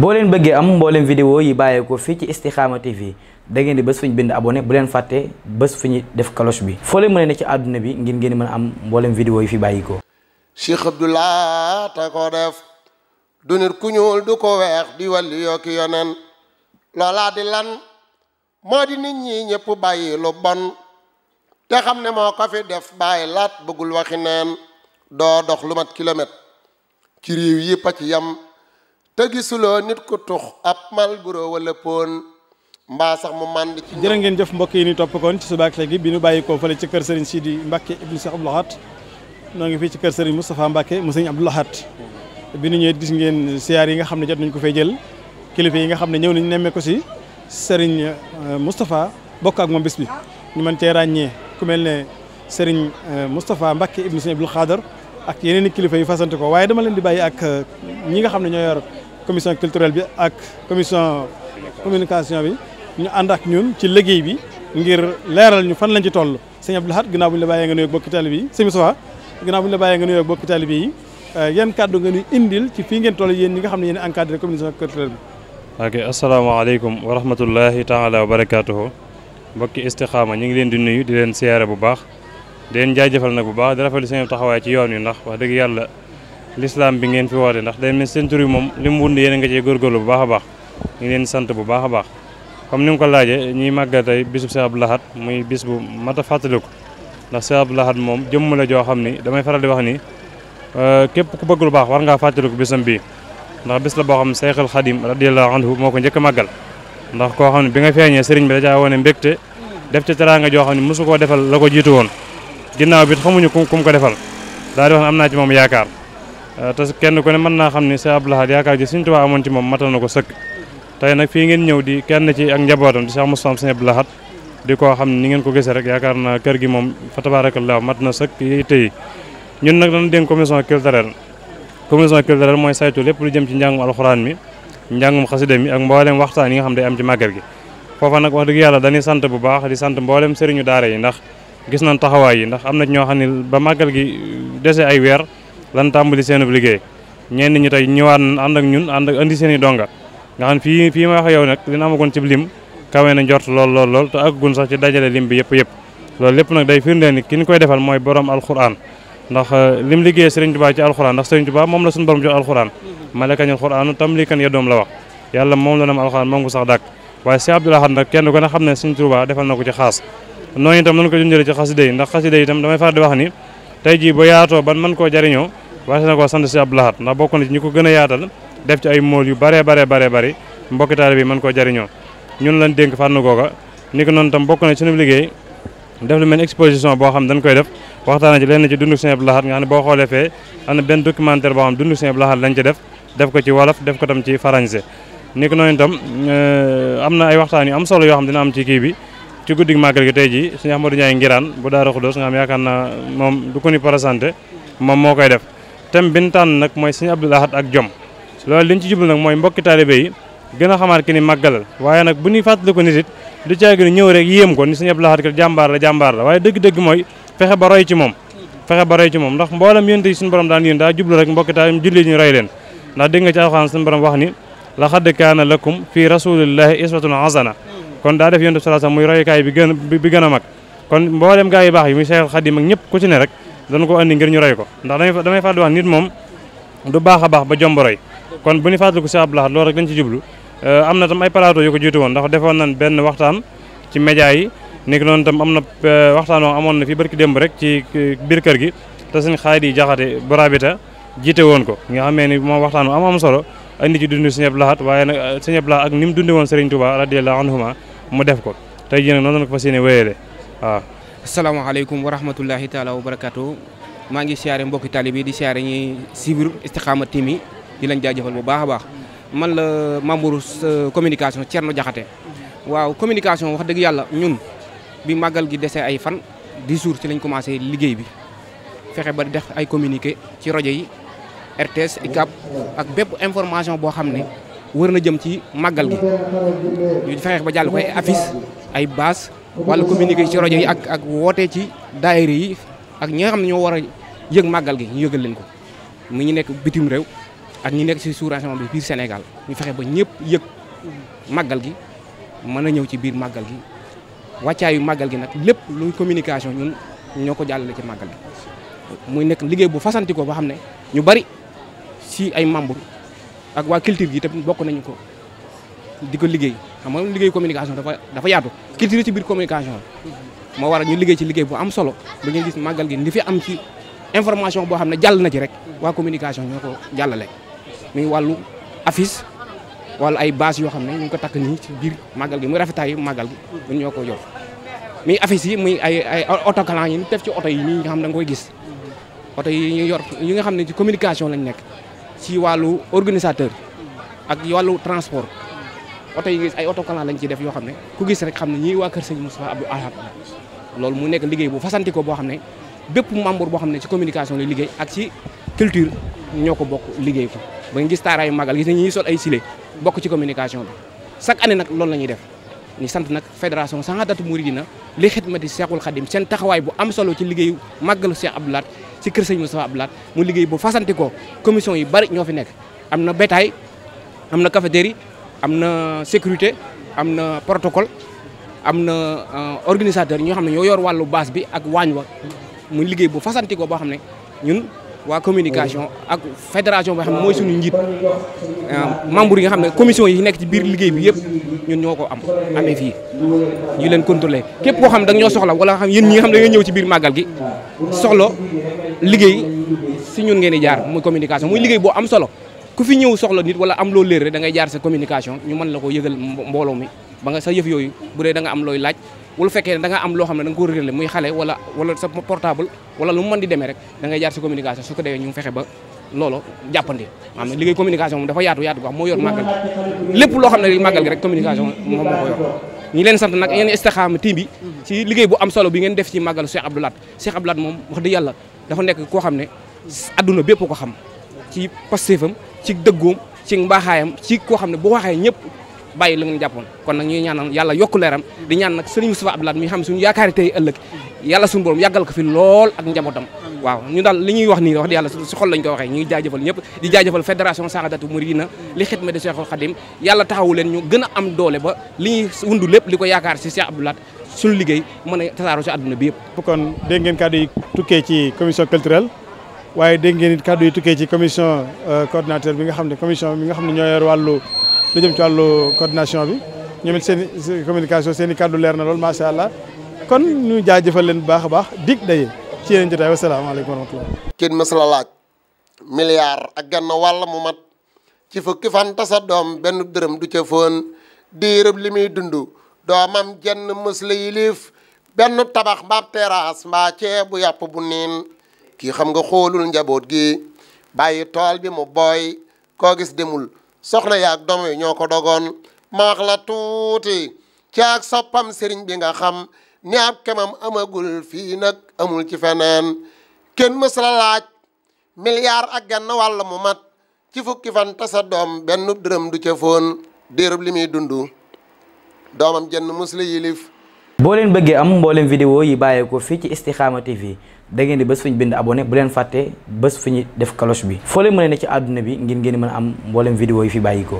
boo leen bëggee am mbooleem vidéo yi bàyyeekoo fii ci Istikhama TV da ngeen di bés fu ñu bind abonné bu leen fàtte bés fu def cloche bi foo leen mën a ne ci àdduna bi ngir ngeen mën a am mbooleem vidéo yi fi bàyyikoo Cheikh Abdoulaye ta ko def du nit ku ñuul du ko weex di wàlli yokki yonen loolaa di lan moo di nit ñi ñëpp bàyyi lu bon te xam ne moo ko fi def bàyyi laat bëggul waxi neen doo dox lu mat kilomètre ci réew yi pacc yam te gisuloo nit ku tux ab malboro wala poon mbaa sax mu mànd ci ngeen jëf mbokk yi ni topp koon ci subaak léegi bi ñu bàyyi ko fële ci kër Serigne Sidi Mbacke ibnu Cheikh Abdou Lahat noo ngi fii ci kër Serigne Moustapha Mbacke mu Serigne Abdou bi ñu ñëwee gis ngeen siyaar yi nga xam ne jot nañ ko fay jël kilifa yi nga xam ne ñëw nañu nemmee si Serigne euh, Moustapha bokk ak moom bis ñu mën cee ràññee ku mel ne Serigne euh, Moustapha Mbacke ibnu Serigne Abdou Khadar ak yeneen i kilifa yu fasante ko waaye dama leen di bàyyi ak euh, ñi nga xam ne ñoo yor commission culturelle bi communication bi ñu ànd ak ñun ci liggéey bi ngir leeral ñu fan lañ ci toll sëñ Abdou Lahad bu ñu la bàyyee nga nuyoog bokki taalibe yi sëñ Moussa ginnaaw bu ñu la bàyyee nga nuyoog bokki taalibe yi eh, yan kàddu nga ñuy indil ci fii ngeen toll yéen ñi nga xam ne yéen encadré commission culturelle bi ok asalaamaaleykum wa rahmatullahi taala wa barakatuhu mbokki istixaama ñu ngi leen di nuyu di leen siyaare bu baax di leen jaajëfal nag bu baax di rafetlu seen taxawaay ci yoon wi ndax wax dëgg yàlla l'islam bi ngeen fi woote ndax day mel seen moom li mu wund yéen a nga cee góorgóorlu bu baax a baax ñu leen sant bu baax a baax comme ni nga ko laajee ñuy màggal tey bisub Cheikh Abdou Lahad muy bis bu mat a fàttaliku ndax Cheikh Abdou Lahad moom jëmm la joo xam ni damay faral di wax ni euh, képp ku bëgg lu baax war ngaa fàttaliku bisam bii ndax bis la boo xam ne Seyxul Xadim radiyallahu anhu moo ko njëkk a màggal ndax koo xam ne bi nga feeñee sëriñ bi da caa wone mbégte def ci teraanga joo xam ne mosu koo defal la ko jiitu woon ginnaaw bi xamuñu ku mu ko defal daal di wax ne am naa ci moom yaakaar Eh, te kenn ku ne mën naa xam ni Cheikh Abdou Lahad yaakaar ji Sëriñ Tuubaa amoon ci moom matal na ko sëkk tey nag fii ngeen ñëw di kenn ci ak njabootam di Cheikh Moustapha Sëriñ Abdou Lahad di ko xam ni ni ngeen ko gisee rek yaakaar naa kër gi moom fa tabaarakallaa mat na sëkk yi tey ñun nag dañu dénk commission culturelle commission culturelle mooy saytu lépp lu jëm ci njàngum alxuraan mi njàngum xasida mi ak mboolem sëriñu daara yi ndax gis nañ taxawaay yi lan tàmbali seenub liggéey ñenn ñi tey ñëwaat ànd ak ñun ànd ak seen i donga nga xam fii ma wax yow nag dina amagoon ci lim kawe na njort lool lool lool te àggagun sax ci dajale lim bi yëpp yëpp loolu lépp nag day firndeel ni ki ñu koy defal mooy borom alxuraan ndax euh, lim liggéeyee Serigne Touba ci alxuraan ndax Serigne Touba moom la suñu borom jox alxuraan malakañul xuraanu tam lii kan yeddoom la wax yàlla moom la nam alxuraan moom ko sax dàkk waaye si Abdoul Ahad nag kenn ko ne xam ne Serigne Touba defal na ko ci xaas noonu itam nañu ko junjële ci jii ba yaatoo ban mën koo jariñoo waaye na ko sant si bokk na ko gën a yaatal def ci ay mool yu baree baree baree bëri mbokki taale bi mën koo jariñoo ñun lañ dénk fànn googa ni ko noonu tam bokk na ci suñu liggéey def lu mel exposition boo xam dañ koy def waxtaana ci lenn ci dundu Sëñ Abdou Lahad nga xam ne boo xoolee fee am na benn documentaire boo xam dundu Sëñ Abdou Lahad lañ ci def def ko ci wolof def ko tam ci français ni ko noonu tam euh, am na ay waxtaan yu am solo yoo xam dina am ci kii bi ci guddig màggal gi tey jii Sëñ Ahmadou Ndiaye ngiraan bu Daaru Xudoos nga xam yaakaar naa moom du ko ni présenté moom moo koy def thème bi ñu tànn nag mooy Sëriñ Abdou Lahad ak jom loolu li ci jublu nag mooy mbokki taalibe yi gën a xamaat ki ni màggalal waaye nag bu ñuy fàttali ko nit it caagi ni ñëw rek yéem ko ni Sëriñ Abdou Lahad kat jàmbaar la jàmbaar la waaye dëgg-dëgg mooy fexe ba roy ci moom fexe ba roy ci moom ndax mboolem yénte yi suñu borom daa jublu rek mbokki taalibe julli ñu roy leen ndax dégg nga ci alxuraan suñu borom wax ni laqad kaana lakum fii rasulillahi iswatun hasana kon daa def yonent bi sallallahu alayhi wasallam muy a baax yi muy ñëpp ku rek dana ko andi ngir ñu roy ko ndax damay fàttali wax nit moom du baaxa baax ba jomb kon ba bu ñu fàttaliku Cheikh Abdou Lahad loolu rek lañ ci jublu euh, am na tam ay plateau yu ko jiitu woon ndax defoon nañ benn waxtaan ci média yi nekk noonu tam am na euh, waxtaan wax amoon na fi barki démb rek ci euh, biir kër gi te sëñ xaay di jaxate bu rabita jiite woon ko nga ni moom waxtaan am am solo andi ci dund sëñ Abdou Lahad waaye nag sëñ Abdou Lahad ak ni mu dunde woon Serigne Touba radiyallahu anhuma mu def ko tey jii noonu la ko fas yéene wéyale waaw salaamaaleykum wa rahmatullahi taala wa barakaatu maa ngi siyaare mbokki tali bi di siyaare ñi sibir Istikhama TV yi di lañ jaajëfal bu baax a baax man la membre communication Thierno Diakhaté waaw communication wax dëgg yàlla ñun bi màggal gi dese ay fan di jours ci lañ commencé liggéey bi fexe ba def ay communiqué ci rajo yi RTS ICAP ak bépp information boo xam ne wër na jëm ci màggal gi ñu fexe ba jàll ko ay ay base wàllu communiqué ci rajo yi ak ak woote ci daayira yi ak ñi xam ne ñoo war a yëg màggal gi ñu yëgal leen ko mu ñu nekk bitim réew ak ñu nekk si sous-région bi biir Sénégal ñu fexe ba ñëpp yëg màggal gi mën a ñëw ci biir màggal gi wàccaayu màggal gi nag lépp luy communication ñun ñoo ko jàllale ci màggal gi muy nekk liggéey bu fasanti ko ba xam ne ñu bari si ay membre ak waa culture yi tamit bokk nañu ko di ko liggéey xam nga liggéey communication dafa dafa yaatu culture ci biir communication moo a ñu liggéey ci liggéey bu am solo ba ngeen gis màggal gi li fi am ci information boo xam ne jàll na ci rek waa communication ñoo ko jàllale muy wàllu affiche wala ay bâche yoo xam ne ñu ngi ko takk nii ci biir màggal gi muy rafetaayu màggal gi ñoo ko jox muy affiche yi muy ay ay autocollant yi ñu def ci oto yi ñi nga xam da nga koy gis oto yi ñu yor yi nga xam ne ci communication la lañ nekk ci wàllu organisateur ak wàllu transport oto yi nga gis ay autocollant lañ ciy def yoo xam ne ku gis loolu mu nekk liggéey bu fasanti boo xam ne bépp membre boo xam ne ci communication lay liggéey ak ci culture ñoo ko bokk liggéey ko ba nga gis taaraayu màggal gis ne ñuy sol ay silé bokk ci communication bi chaque année nag loolu la ñuy def ñu sant nag fédération Sahadatou Mouridina li xidmati Cheikhul Khadim seen taxawaay bu am solo ci liggéeyu màggalu Cheikh Abdou Lahad ci kër sëñ Moustapha Abdou Lahad mu liggéey bu fasanti ko commission yi bari ñoo fi nekk am na bétail am na cafétéria am na sécurité am na protocole am na euh, organisateur ñoo xam ne ñoo yor wàllu baas bi ak waañ wa mu liggéey bu fasanti ko boo xam ne ñun waa communication ak fédération boo xam ne mooy suñu njiit euh, membre yi nga xam ne commission yi nekk ci biir liggéey bi yëpp ñun ñoo ko am amee fii ñu leen contrôler képp koo xam ne da ñoo soxla wala xam yéen ñi nga ne ñëw ci biir màggal gi soxla liggéey si ñun ngeen di jaar muy communication muy liggéey boo am solo ku fi ñëw soxla nit wala am loo léer rek da jaar sa communication ñu mën la ko yëgal mbooloo mi ba nga sa yëf yooyu bu dee da am looy laaj wala fekkee ne da am loo xam ne da nga ko réglé muy xale wala wala sa portable wala lu mu mën demee rek da ngay jaar sa communication su ko defee ñu fexe na liggéey communication moom dafa yaatu yaatu ko wax lépp loo xam ne màggal gi rek communication moom moo ko yor ñi leen sant nag yeen Istikhama team bi liggéey bu am solo bi ngeen def si màggal Cheikh Abdou Lahad Cheikh Abdou Lahad moom wax yàlla dafa nekk koo xam ne adduna bépp ko xam ci pastéefam ci dëggoom ci mbaaxaayam ci koo xam ne boo waxee ñëpp bàyyi la ngeen jàppoon kon nag ñuy ñaanal yàlla yokku leeram di ñaan nag sëriñ Moustapha Abdoulaye mi xam suñu yaakaari tey ëllëg yàlla suñu borom yàggal ko fi lool ak njabootam waaw ñu daal li ñuy wax nii wax di yàlla su xol lañ ko waxee ñu ngi jaajëfal ñëpp di jaajëfal fédération Saxadatu Muridina li xitma de Cheikhul Khadim yàlla leen ñu gën am doole ba li ñuy wundu lépp li ko yaakaar si Cheikh Abdoulaye suñu liggéey mën a tasaaroo si àdduna bi yëpp kon dégg ngeen kàddu yi tukkee ci commission culturelle waaye dégg ngeen it kàddu yi tukkee ci commission euh, coordinateur bi nga xam ne commission bi nga xam ne ñoo yor wàllu lu jëm ci wàllu coordination bi ñoom it seen communication seen i kàddu leer na lool macha allah kon ñu jaajëfal leen bu baax a baax dig daye ci yeneen jotaay wasalaamaaleykum wa rahmatulah. kenn mës la laaj milliard ak genn wàll mu mat ci fukki fan tasa doom benn dërëm du ca foon diirub li muy dund doomam jenn mës la yilif benn tabax mbaab terrasse mbaa yàpp bu kii xam nga xoolul njaboot gi bàyyi tool bi mu booy koo gis demul soxna yaag doom yi ñoo ko dogoon maax la tuuti caag soppam sëriñ bi nga xam ni ab kemam amagul fii nag amul ci feneen kenn mës la laaj milliard ak genn wàll mu mat ci fukki fan tasa doom benn dërëm du ca foon diirub li muy dund doomam jenn mus la yilif boo leen bëggee am mboolem vidéo yi bàyyeekoo fii ci Istikhama TV da ngeen di bés fi ñu bind abonné bu leen fàttee bés fi ñu def cloche bi foo leen mën ne ci àdduna bi ngir ngeen mën am mboolem vidéo yi fi bàyyi bàyyikoo